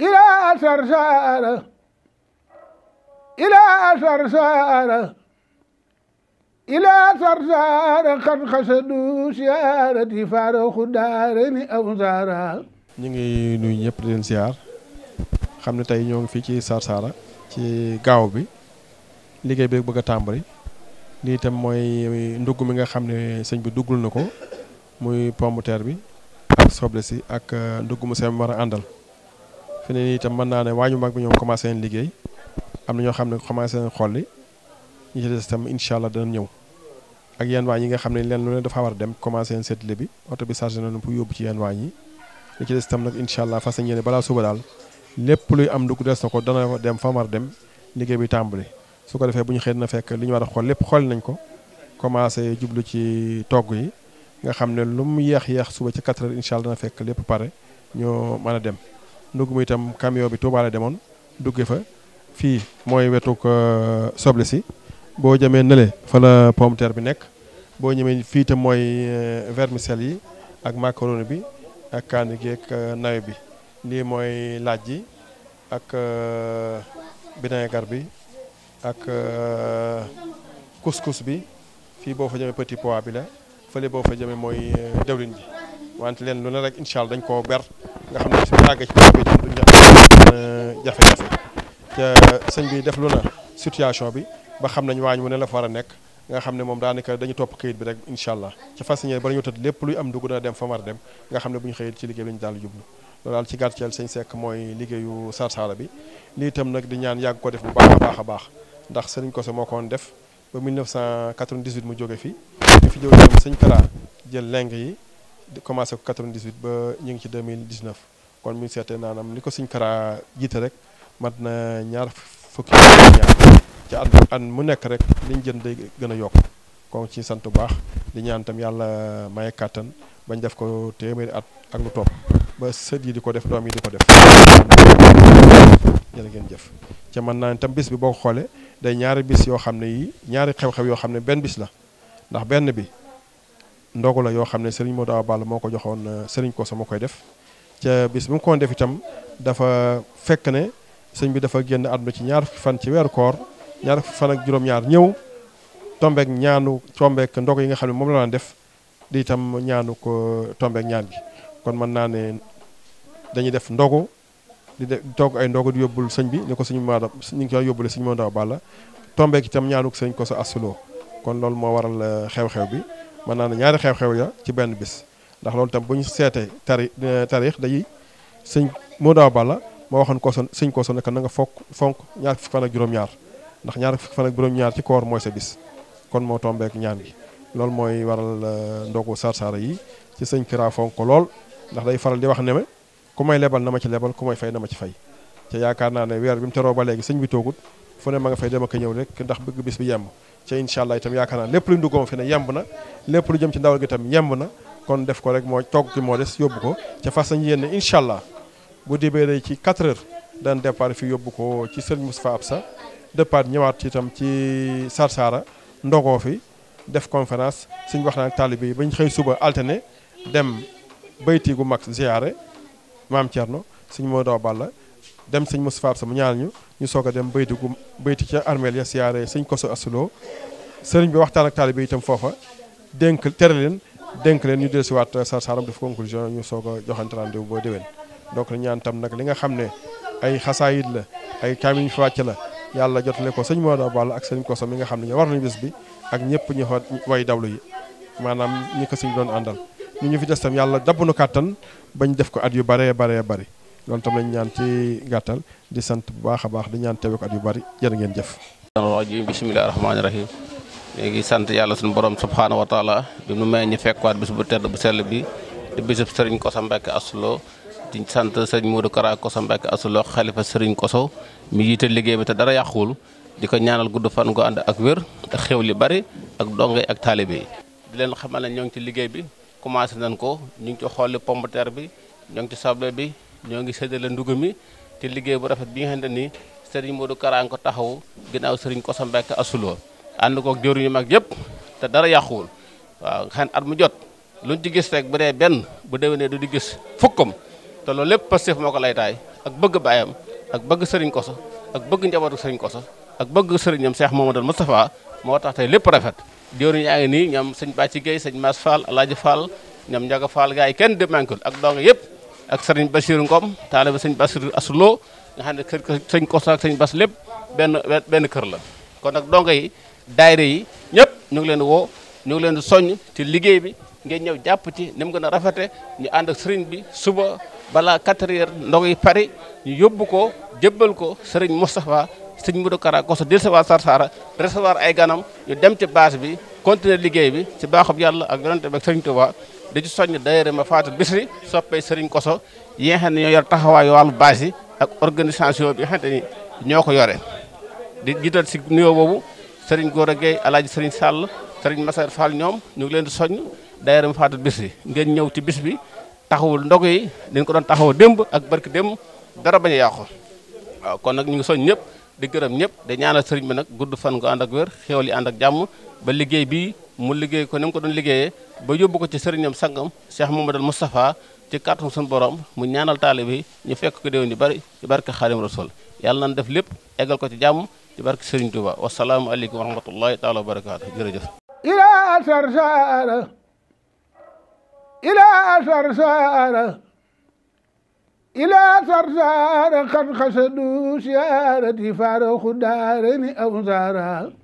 إلى ثرثارة إلى ثرثارة إلى ثرثارة قد قصدوا سيارتي فارق دارني ñu ngi nuyu ñëpp di leen xam ne tey ñoo ngi fii ci Sarsara ci gaaw bi liggéey bi bëgg a tàmbali lii itam mooy ndugg mi nga xam ne sëñ bi duggul na ko muy pomme terre bi ak soble si ak euh, ndugg mu seen war a àndal fi ne nii itam mën naa ne waañu mag bi ñoom commencé nañ liggéey am na ñoo xam ne commencé nañ xolli ñi ci des itam incha allah ñëw ak yenn waañ yi nga xam ne leen lu ne dafa war dem commencé nañ seetli bi oto bi chargé nañu pour yóbbu ci yenn waañ yi ñi ci des itam nag incha allah fas yéene balaa suba daal lépp luy am dugg des na ko dana dem fa dem liggéey bi tàmbali su ko defee bu ñu xëy na fekk li ñu war a xool lépp xool nañ ko commencé jublu ci togg yi nga xam ne lu mu yeex yeex suba ci 4 incha allah fekk lépp pare ñoo mën a dem ndugg mi itam camion bi Touba la demoon dugge fa fii mooy wetu euh, soble si boo jëmee nële fa la pomme bi nekk boo ñëmee fii itam mooy euh, vermicelle yi ak macaroni bi ak kaani gi ak euh, nawe bi lii mooy laaj ji ak gar bi ak couscous bi fii boo fa jëmee petit pois bi la fële boo fa jëmee mooy dawlin bi wante leen lu ne rek incha allah dañ koo ber nga xam ne suñu àggee ci tool def lu na bi ba xam nañ waañ wu la war a nga xam ne moom daanaka dañu topp kayit bi rek incha allah ci fas yéene ba ñu tëdd lépp luy am dugg dana dem fa war dem nga xam ne bu ñu xëyee ci liggéey bi lañu daal jublu loolu daal ci gàcceel sëñ Seck mooy liggéeyu Sarsara bi lii itam nag di ñaan yàgg ko def bu baax a baax a baax ndax sëriñ Kosso moo ko woon def ba 1998 mu jóge fi fi jóge itam sëñ Kara jël leng yi commencé ko 98 ba ñu ngi ci 2019 kon mi ngi seetee naanam ni ko suñ Kara jiite rek mat na ñaar fukki ñaar ci at mu nekk rek liñ jën day gën a yokk kon ci sant bu baax di ñaan tam yàlla maye kàttan bañ def ko téeméeri at ak lu topp ba sët yi di ko def doom yi di ko def jërë ngeen jëf ca mën naa tam bis bi boo ko xoolee day ñaari bis yoo xam ne yi ñaari xew-xew yoo xam ne benn bis la ndax benn bi ndogu la yoo xam ne sëriñ Modou Awa Balla moo ko joxoon euh, Serigne Kosso moo koy def ca bis bi mu ko def itam dafa fekk ne sëñ bi dafa génn àdduna ci ñaar fan ci weeru koor ñaar ak juróom ñëw tombeek ñaanu tombeek ndog yi nga xam ne moom la def di itam ñaanu ko euh, tombeek gi kon mën naa ne def ndogu di def togg ay ndogu di yóbbul sëñ bi ni ko sëñ Maodo ni ko yóbbule sëñ Modou Awa Balla tombeek itam sëñ Kosso Astou Lo kon loolu moo waral euh, xew-xew bi man naa ne ñaari xew-xew ya ci benn bis ndax loolu tam bu ñu seetee tari eh, tarix day sëñ moo daaw balla moo waxoon kooson sëñ kooson naka na nga fokk fonk ñaar fukki fan juróom-ñaar ndax ñaar fukki fan ak juróom ci koor mooy sa bis kon moo tombeek ñaan gi loolu mooy waral eh, ndogu sarsaara yi ci sëñ kiraa fonk ko lool ndax day faral di wax ne ma ku may lebal na ma ci lebal ku may fay na ma ci fay te yaakaar naa ne weer bi mu teroo ba léegi sëñ bi toogut fu ne ma nga fay dem ak ñëw rek ndax bëgg bis bi yemb ca incha allah itam yaakaar naa lépp lu nduggoom fi ne yemb na lépp lu jëm ci ndawal gi itam yemb na kon def ko rek moo togg ki moo des yóbbu ko ca fas nañu yéene incha allah bu rek ci 4 heures daan départ fi yóbbu ko ci sëriñ Moustapha sa départ ñëwaat ci itam ci Sarsara ndogoo fi def conférence suñ wax naa ak taalibe yi bañ xëy suba alterné dem bayti gu mag ziyaare maam Thierno suñ moo dem sëñ Moustapha Absa mu ñu ñu soog a dem bayti gu bayti ca armeel ya siyaare sëñ koso asuloo sëriñ bi waxtaan ak taalibe itam foofa dénk tere leen dénk leen ñu dellusiwaat sar saram def conclusion ñu soog a joxante rendez-vous boo déwén donc ñaan tam nag li nga xam ne ay xasaayit la ay kaamil ñu fi wàcc la yàlla jotale ko sëñ Modou Ball ak sëñ Koso mi nga xam ne ñu war nañu bés bi ak ñëpp ñu fa way dawlu yi maanaam ñi ko doon àndal ñu ñu fi des tam yàlla dabb nu kàttan bañ def ko at yu baree baree bari lool tam lañ ñaan ci gàttal di sant bu baax a baax di ñaan teewe ko at yu bari jërë ngeen jëf rajim bisimilahi rahmaani rahim léegi sant yàlla suñu borom subhaanahu wa taala bi nu may ñu fekkwaat bis bu tedd bu sell bi di bisub sëriñ Koso Mbacke Astou Lo di sant sëriñ Modou Kara Koso Mbacke Astou Lo xalifa sëriñ Koso mu jiite liggéey bi te dara yàquwul di ko ñaanal gudd fan ko ànd ak wér te xew li bari ak donge ak taalibe yi di leen xamal ne ñoo ngi ci liggéey bi commencé nañ ko ñu ngi ci xolli pomme de bi ñoo ngi ci sable bi ñoo ngi séddale ndugu mi te liggéey bu rafet bi nga xamante ni sëriñ Modou Kara ko taxaw ginnaaw sëriñ Koso Mbacke asuloo ànd koog jëruñu mag yëpp te dara yàquwul waaw xan at mu jot luñ ci gis rek bu dee benn bu déwénee du di gis fukkam te loolu lépp fu moo ko lay taay ak bëgg baayam ak bëgg sëriñ Koso ak bëgg njabootu sëriñ Koso ak bëgg sëriñam Cheikh Mamadou Moustapha moo tax tey lépp rafet jëruñu yaa ngi nii ñoom sëñ Bàcci Gueye sëñ Mass Fall Alaaji Fall ñoom Njaga Fall gars yi kenn di manqué ak dong yëpp ak sëriñ Bachir Ngom taaliba sëñ Bachir Asuloo nga xam ne kër sëñ Kosta ak sëñ Bas lépp benn benn kër la kon nag dongo yi daayira yi ñëpp ñu ngi leen di woo ñu ngi leen di soññ ci liggéey bi ngeen ñëw jàpp ci ni mu gën a rafete ñu ànd ak sëriñ bi suba balaa 4 heures ndog yi pare ñu yóbbu ko jébbal ko sëriñ Moustapha sëñ Modou Kara Kosso dellusiwaat Sarsara recevoir ay ganam ñu dem ci base bi continuer liggéey bi si baaxub yàlla ak yonante bi ak sëriñ Touba di ci soññ daayira ma faatu bisri soppee sëriñ Kosso yi nga xam ne ñoo yor taxawaayu wàllu base yi ak organisation bi nga ñoo ko yore di jiital si nuyoo boobu sëriñ Gora Gueye alaaji sëriñ Sall sëriñ Massar Fall ñoom ñu ngi leen di soññ daayira ma faatu bisri ngeen ñëw ci bis bi taxawul ndog yi dañ ko doon taxaw démb ak barki démb dara bañ a kon nag ñu ngi soñ ñëpp di gërëm ñëpp di ñaanal sëriñ bi nag gudd fan gu ànd ak wér xéwal yi ànd ak jàmm ba liggéey bi mu liggéey ko ni ko doon liggéeye ba yóbbu ko ci sëriñam sangam Cheikh Mamadou Moustapha ci kàttan suñu borom mu ñaanal taali bi ñu fekk ko déwén yu bari ci barke Xaadim Rasul yàlla nañ def lépp eggal ko ci jàmm ci barke sëriñ Touba wasalaamu aleykum wa rahmatullahi taala wa barakaatu jërëjëf ila sarsara ila sarsara إلى سرسار قد خسدوا سيارتي فارق دارني أو زارا